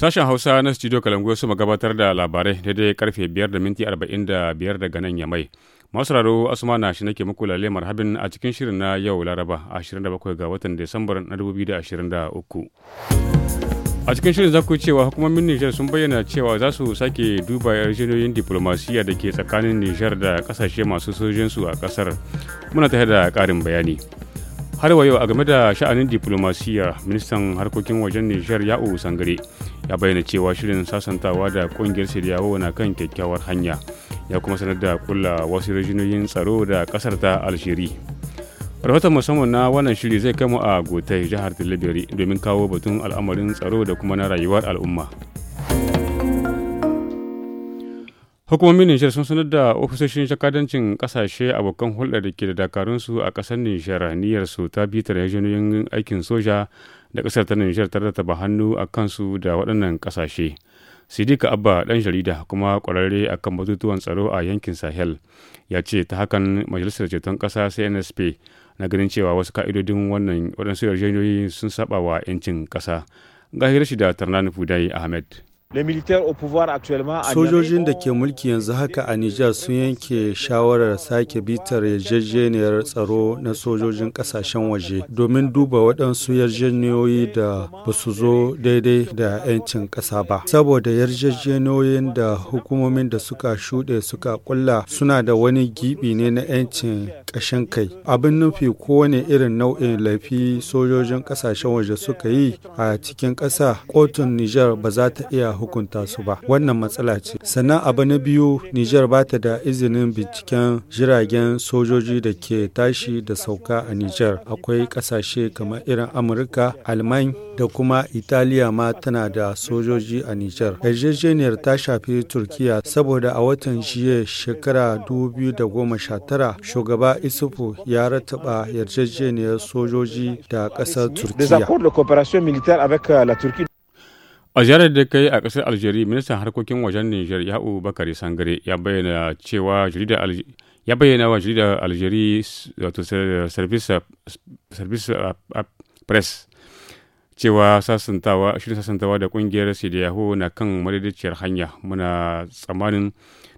Sashen Hausa na Studio Kalango su gabatar da labarai daidai karfe 5 da minti 45 daga nan yamai. Masararo Asuma na shi nake muku lalle marhabin a cikin shirin na yau Laraba 27 ga watan Desambar na 2023. a cikin shirin za cewa hukumomin nijar sun bayyana cewa za su sake duba yarjejeniyoyin diplomasiya da ke tsakanin nijar da kasashe masu sojinsu a kasar muna tare da karin bayani har wa yau a game da sha'anin diplomasiya ministan harkokin wajen nijar ya'u sangare ya bayyana cewa shirin sasantawa da kungiyar siriyawa na kan kyakkyawar hanya ya kuma sanar da kula wasu rijiyoyin tsaro da kasar ta algeria rahoton musamman na wannan shiri zai kai mu a gotai jihar tilibiri domin kawo batun al'amarin tsaro da kuma na rayuwar al'umma hukumomin nijar sun sanar da ofisoshin jakadancin kasashe abokan hulɗar da ke da dakarunsu a ƙasar nijar niyyar su ta bitar yajinoyin aikin soja da ƙasar ta nijar ta taba hannu a kansu da waɗannan ƙasashe sidika abba ɗan jarida kuma ƙwararre a kan batutuwan tsaro a yankin sahel ya ce ta hakan majalisar ceton ƙasa cnsp na ganin cewa wasu ka'idodin wannan waɗansu yarjejeniyoyi sun saba wa 'yancin ƙasa ga shi da tarnani fudai ahmed Sojojin da ke mulki yanzu haka a Nijar sun yanke shawarar sake bitar yarjejeniyar tsaro na sojojin kasashen waje domin duba waɗansu yarjejeniyoyi da ba su zo daidai da 'yancin ƙasa ba. Saboda yarjejeniyoyin da hukumomin da suka shuɗe suka kulla suna da wani giɓi ne na 'yancin ƙashin kai. Abin nufi kowane irin nau'in laifi sojojin ƙasashen waje suka yi a cikin ƙasa kotun Nijar ba za ta iya hukunta su ba wannan matsala ce sannan abu na biyu nijar ba ta da izinin binciken jiragen sojoji da ke tashi da sauka a nijar akwai kasashe kamar irin amurka alman da kuma italiya ma tana da sojoji a nijar yarjejeniyar ta shafi turkiya saboda a watan jiya shekara 2019 shugaba isufu ya rataba yarjejeniyar sojoji da ƙasar turkiya A ziyarar da kai a ƙasar Algeria, ministan harkokin wajen Nijar Ya'u Bakari Sangare ya bayyana cewa jaridar wa jaridar Algeria wato Service Press cewa sasantawa shirin sasantawa da kungiyar Sidiyaho na kan madadiciyar hanya muna tsammanin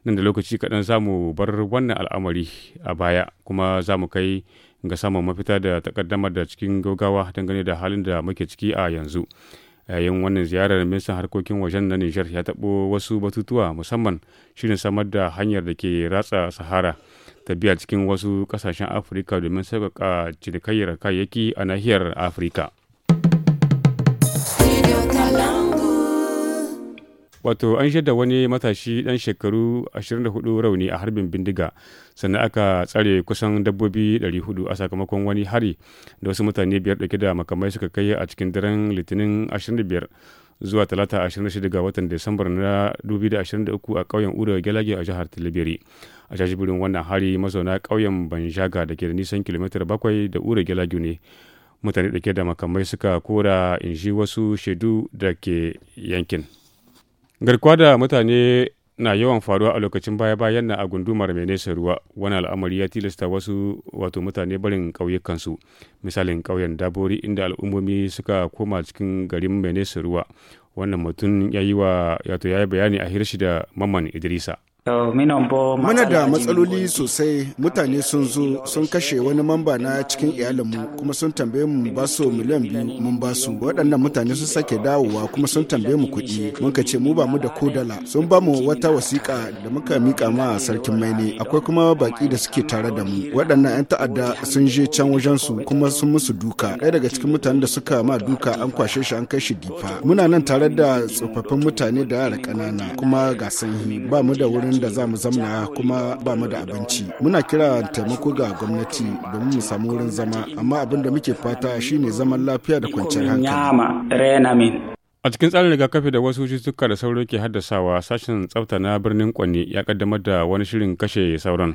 nan da lokaci kaɗan za mu bar wannan al'amari a baya kuma za mu kai ga samun mafita da takaddamar da cikin gaugawa dangane da halin da muke ciki a yanzu. yayin wannan ziyarar ministan harkokin wajen na nijar ya taɓo wasu batutuwa musamman shirin samar da hanyar da ke ratsa sahara ta biya cikin wasu ƙasashen afirka domin sauƙaƙa cinikayyar kayayyaki a nahiyar afirka wato an shaida wani matashi dan shekaru 24 rauni a harbin bindiga sannan aka tsare kusan dabbobi 400 a sakamakon wani hari da wasu mutane biyar dauke da makamai suka kai a cikin daren litinin 25 zuwa talata 26 ga watan disambar na 2023 a ƙauyen ura gelage a jihar tilibiri a shashibirin wannan hari mazauna ƙauyen banjaga da ke da nisan kilomita bakwai da ura gelage ne mutane da ke da makamai suka kora in ji wasu shaidu da ke yankin. Garkuwa da mutane na yawan faruwa a lokacin baya-bayan na a gundumar mai nesa ruwa wani al'amari ya tilasta wasu wato mutane barin ƙauyukansu misalin ƙauyen dabori inda al'ummomi suka koma cikin garin mai nesa ruwa wannan mutum ya yi bayani a hirshi da maman idrisa Muna da matsaloli sosai mutane sun zo sun kashe wani mamba na cikin iyalinmu kuma sun tambaye mu ba su miliyan biyu mun ba su waɗannan mutane sun sake dawowa kuma sun tambaye mu kuɗi mun ka ce mu ba mu da kodala sun ba mu wata wasiƙa da muka mika ma sarkin maini akwai kuma baƙi da suke tare da mu waɗannan 'yan ta'adda sun je can wajen su kuma sun musu duka ɗaya daga cikin mutanen da suka ma duka an kwashe shi an kai shi difa muna nan tare da tsofaffin mutane da yara ƙanana kuma ga sanyi ba mu da wurin wuraren da za mu zamna kuma ba mu da abinci muna kira taimako ga gwamnati domin mu samu wurin zama amma abin da muke fata shine zaman lafiya da kwanciyar hankali a cikin tsarin rigakafi da wasu cututtuka da sauro ke haddasawa sashen tsafta na birnin kwanne ya kaddamar da wani shirin kashe sauran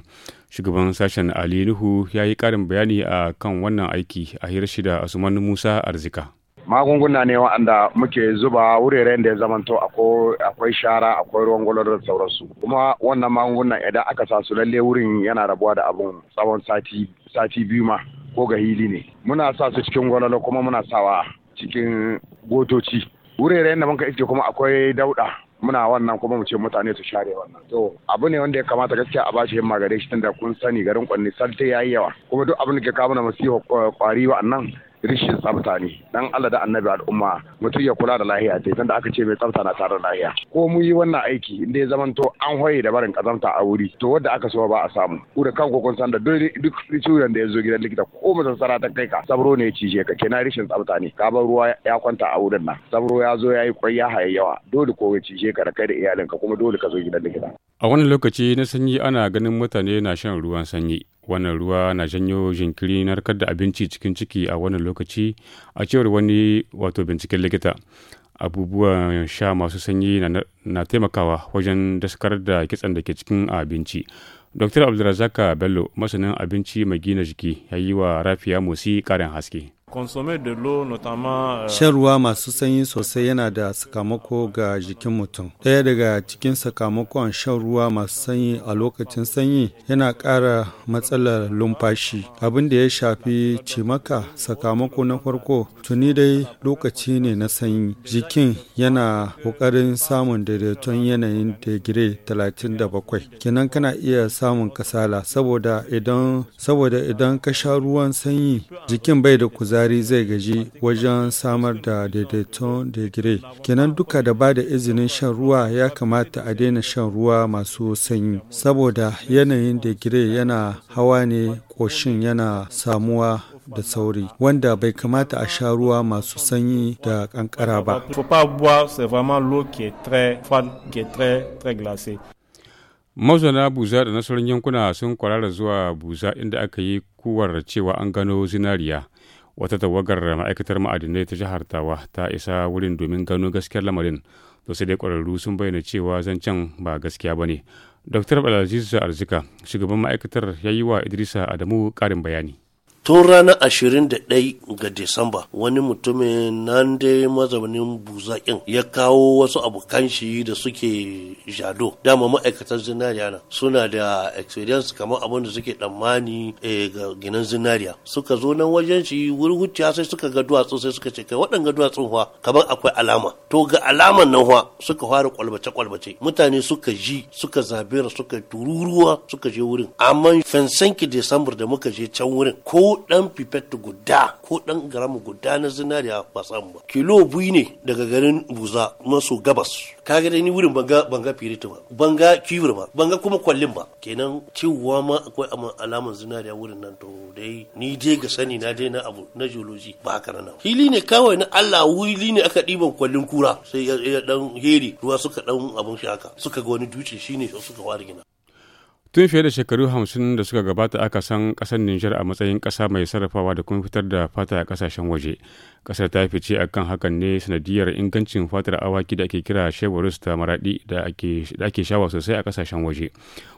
shugaban sashen ali nuhu ya yi karin bayani a kan wannan aiki a hirar shida asuman musa arzika magunguna ne wa'anda muke zuba wuraren da ya zamanto akwai shara akwai ruwan gwalwar da sauransu kuma wannan magungunan idan aka sa su lalle wurin yana rabuwa da abun tsawon sati sati biyu ma ko ga hili ne muna sa su cikin gwalwalo kuma muna sawa cikin gotoci wuraren da muka iske kuma akwai dauda muna wannan kuma mu ce mutane su share wannan to abu ne wanda ya kamata gaskiya a bashi himma gare shi tunda kun sani garin kwanni salte yayi yawa kuma duk abin da ke kawo mana masifar kwari eh, wa'annan rishin tsafta ne dan Allah da annabi al'umma mutum ya kula da lahiya ta tunda aka ce mai tsafta na tare da lahiya ko mu yi wannan aiki inda ya zamanto an hoye da barin kazamta a wuri to wadda aka so ba a samu ku kan kanku kun san da duk ciwon da ya zo gidan likita ko mu sara ta kai ka sabro ne ya cije ka kenan rishin tsafta ne ka bar ruwa ya kwanta a wurin nan sabro ya zo ya yi kwai ya haye yawa dole ko ya cije ka da kai da iyalinka kuma dole ka zo gidan likita a wani lokaci na sanyi ana ganin mutane na shan ruwan sanyi wannan ruwa na janyo jinkiri narkar da abinci cikin ciki a wannan lokaci a cewar wani wato binciken likita abubuwan sha masu sanyi na taimakawa wajen daskar da kitsan da ke cikin abinci dr abdulrazaka bello masanin abinci mai gina jiki ya yi wa rafiya motsi karin haske Euh, shan ruwa masu sanyi sosai yana da sakamako ga jikin mutum. Ɗaya daga cikin sakamakon shan ruwa masu sanyi a lokacin sanyi yana ƙara matsalar lumfashi. Abin da ya shafi cimaka sakamako na farko tuni dai lokaci ne na sanyi. Jikin yana ƙoƙarin samun daidaiton yanayin digire 37. Kenan kana iya samun kasala saboda idan saboda idan ka sha ruwan sanyi jikin bai da kuzari. zari zai gaji wajen samar da daidaiton digire kenan duka da ba da izinin shan ruwa ya kamata a daina shan ruwa masu sanyi saboda yanayin digire yana hawa ne ƙoshin yana samuwa da sauri wanda bai kamata a sha ruwa masu sanyi da kankara ba. mazauna buza da nasarar yankuna sun kwarara zuwa buza inda aka yi kuwar cewa an gano zinariya wata tawagar ma'aikatar ma'adinai ta jihar tawa ta isa wurin domin gano gaskiyar lamarin to sai dai ƙwararru sun bayyana cewa zancen ba gaskiya ba ne dr balaziz arzika shugaban ma'aikatar ya yi wa idrisa adamu ƙarin bayani tun ranar ashirin da ga Disamba wani mutumin nan dai mazaunin buzaƙin ya kawo wasu abokan shi da suke jado dama ma'aikatan zinariya na suna da experience kamar abin da suke tsammani eh, ga ginin zinariya suka zo nan wajen shi wurwuciya sai suka ga duwatsu sai suka ce kai waɗanga duwatsun fa kamar akwai alama to ga alaman nan fa suka fara kwalbace kwalbace mutane suka ji suka zabira suka tururuwa suka je wurin amma fensanki disamba da muka je can wurin ko ko dan pipet guda ko dan garamu guda na zinariya ba samu ba kilo biyu ne daga garin buza maso gabas kaga dai ni wurin banga banga firiti ba banga kiwur ba banga kuma kwallin ba kenan cewa ma akwai alaman zinariya wurin nan to dai ni dai ga sani na dai na abu na geology ba haka nan hili ne kawai na Allah wili ne aka diban kwallin kura sai ya dan heri ruwa suka dan abun shi haka suka ga wani dutse shine suka ware gina tun fiye da shekaru hamsin da suka gabata aka san kasar nijar a matsayin kasa mai sarrafawa da kuma fitar da fata a kasashen waje kasar ta fice a kan hakan ne sanadiyar ingancin fatar awaki da ake kira shewarus ta maradi da ake shawa sosai a kasashen waje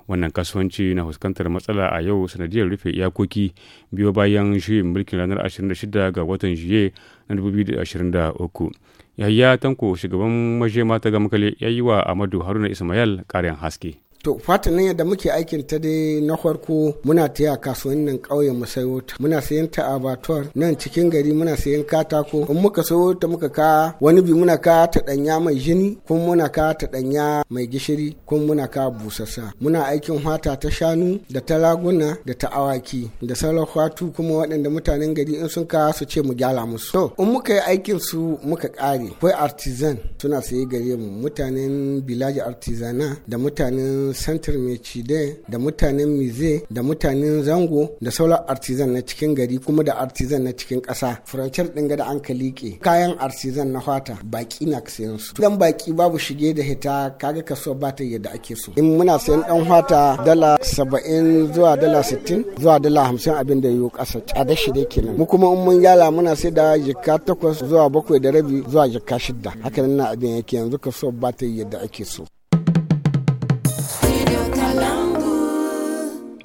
wannan kasuwanci na fuskantar matsala a yau sanadiyar rufe iyakoki biyo bayan shirin mulkin ranar 26 ga watan juye na 2023 yayya tanko shugaban majema ta gamkale ya yi wa amadu haruna ismail ƙarin haske To nan yadda muke aikin ta dai na farko muna ta taya nan ƙauyen mu sayo ta. Muna sayan ta a Batuwar nan cikin gari muna sayan katako. In muka sayo ta muka ka wani bi muna ka ta ɗanya mai jini kuma muna ka ta ɗanya mai gishiri kuma muna ka busassa. Muna aikin fata ta shanu da ta laguna da ta awaki da sauran fatu kuma waɗanda mutanen gari in sun ka su ce mu gyala musu. To in muka yi aikin su muka ƙare. Akwai artisan suna sayi gare mu mutanen bilaji artisana da mutanen mutanen santar mecide da mutanen mize da mutanen zango da sauran artisan na cikin gari kuma da artisan na cikin ƙasa furancar ɗin da an ka liƙe kayan artisan na fata baki na sayan su dan baki babu shige da hita kaga kasuwa ba ta yadda ake so in muna sayan dan fata dala saba'in zuwa dala sittin zuwa dala hamsin abin da yiwu ƙasa tsada shi da kenan mu kuma in mun yala muna sai da jikka takwas zuwa bakwai da rabi zuwa jikka shidda haka nan abin yake yanzu kasuwa ba ta yadda ake so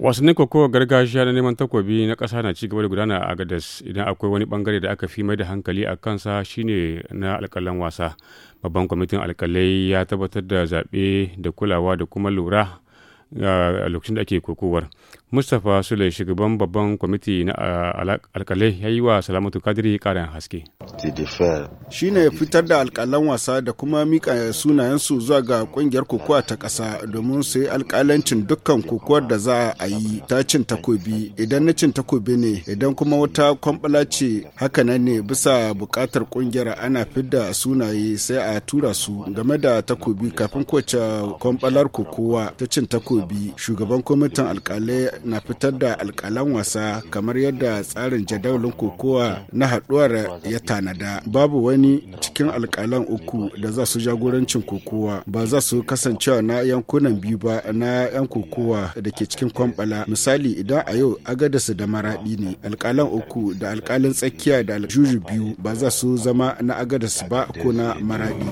wasannin koko gargajiya na neman takobi na ƙasa na ci gaba da gudana a gadas idan akwai wani bangare da aka fi mai da hankali a kansa shine na alƙalan wasa babban kwamitin alƙalai ya tabbatar da zaɓe da kulawa da kuma lura ah, a lokacin da ake kokowar Mustapha Sule shugaban babban kwamiti na alkalai ya yi wa Salamatu Kadiri karin haske. Shi ne fitar da alkalan wasa da kuma mika sunayensu zuwa ga kungiyar kokowa ta ƙasa domin su yi alkalancin dukkan kokowar da za a yi ta cin takobi idan na cin takobi ne idan kuma wata kwambala ce haka nan ne bisa bukatar kungiyar ana fidda sunaye sai a tura su game da takobi kafin kowace kwambalar kokowa ta cin takobi shugaban kwamitin alkalai na fitar da alkalan wasa kamar yadda tsarin jadawalin kokowa na haduwar ya tanada babu wani cikin alkalan uku da za su jagorancin kokowa ba za su kasancewa na yankunan biyu ba na yan kokowa da ke cikin kwambala misali idan a yau agadasu da maradi ne alkalan uku da alkalin tsakiya da aljuju biyu ba za su zama na agadasu ba ko na maradi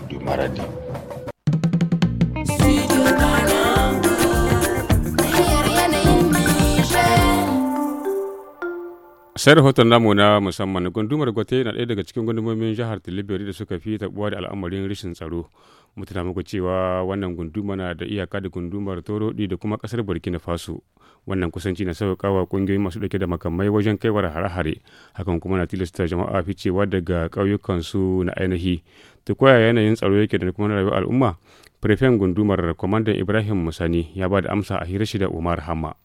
sai rahoton namu na musamman gundumar gwate na ɗaya daga cikin gundumomin jihar tilibiri da suka fi taɓuwa da al'amarin rashin tsaro mutu na muku cewa wannan gunduma na da iyaka da gundumar torodi da kuma ƙasar burkina faso wannan kusanci na wa ƙungiyoyi masu ɗauke da makamai wajen kai kaiwar hare-hare hakan kuma na tilasta jama'a ficewa daga ƙauyukansu na ainihi ta koya yanayin tsaro yake da kuma rayuwar al'umma prefen gundumar kwamandan ibrahim musani ya ba da amsa a hira da umar hamma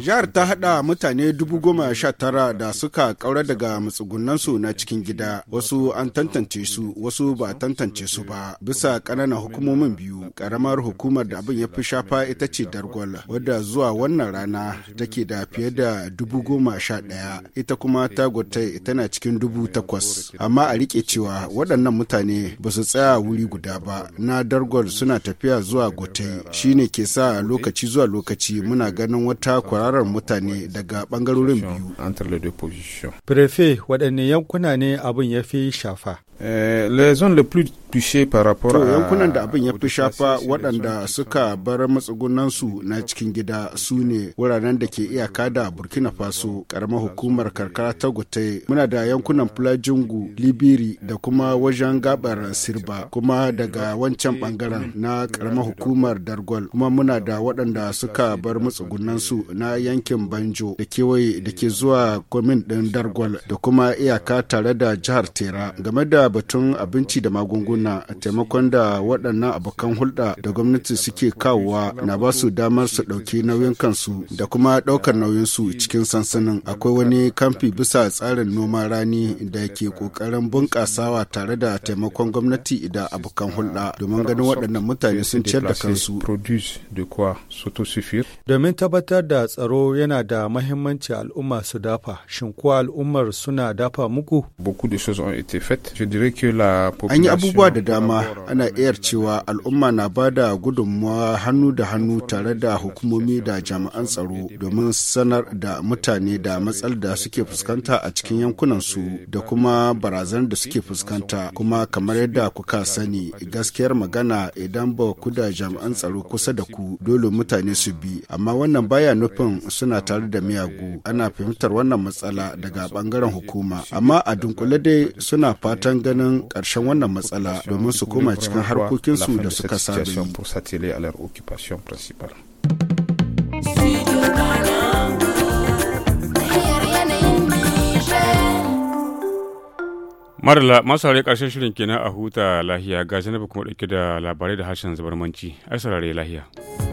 Jihar ta haɗa mutane dubu goma sha tara da suka ƙaura daga matsugunansu na cikin gida, wasu an tantance su, wasu ba a tantance su ba, bisa ƙananan hukumomin biyu. Ƙaramar hukumar da abin ya fi shafa ita ce Dargwal, wadda zuwa wannan rana take da fiye da dubu goma sha ɗaya, ita kuma Tagotai tana cikin dubu takwas. Amma a riƙe cewa waɗannan mutane ba su tsaya wuri guda ba, na Dargwal suna tafiya zuwa Gotai, shine ke sa lokaci zuwa lokaci muna ganin wata kwararar mutane daga bangarorin biyu. Prefe waɗanne yankuna ne abin ya fi shafa? Eh, yankunan da abin ya fi shafa waɗanda suka bar matsugunan su na cikin gida su ne wuraren da ke iyaka da burkina faso karamar hukumar karkara ta gute muna da yankunan plajungu libiri da kuma wajen gabar sirba kuma daga wancan bangaren na ƙaramar hukumar dargol kuma muna da waɗanda suka bar su na yankin banjo da kewaye da ke zuwa komin ɗin dargwal da kuma iyaka tare da jihar tera game da batun abinci da magunguna taimakon da waɗannan abokan hulɗa da gwamnati suke kawowa na ba su damar su ɗauki nauyin kansu da kuma ɗaukar nauyin su cikin sansanin akwai wani kamfi bisa tsarin noma rani da ke ƙoƙarin bunƙasawa tare da taimakon gwamnati da abokan hulɗa domin ganin waɗannan mutane sun ciyar da kansu domin Domin tabbatar da tsaro yana da mahimmanci al'umma su dafa, shin ko al'ummar suna dafa muku? An yi abubuwa da dama ana iya cewa al'umma na ba da gudunmawa hannu da hannu tare da hukumomi da jami'an tsaro domin sanar da mutane da matsal da suke fuskanta a cikin yankunan su da kuma barazan da suke fuskanta kuma kamar yadda kuka sani gaskiyar magana idan ba ku da jami'an tsaro kusa da ku dole mutane su bi amma wannan baya nufin suna tare da miyagu ana fahimtar wannan matsala daga bangaren hukuma amma a dunkule dai suna fatan ganin ƙarshen wannan matsala domin su koma cikin harkokinsu da suka saba marla masu haure karshen shirin kenan a huta lahiya ga janaba kuma dauke da labarai da harshen zubarmanci ai saurare lahiya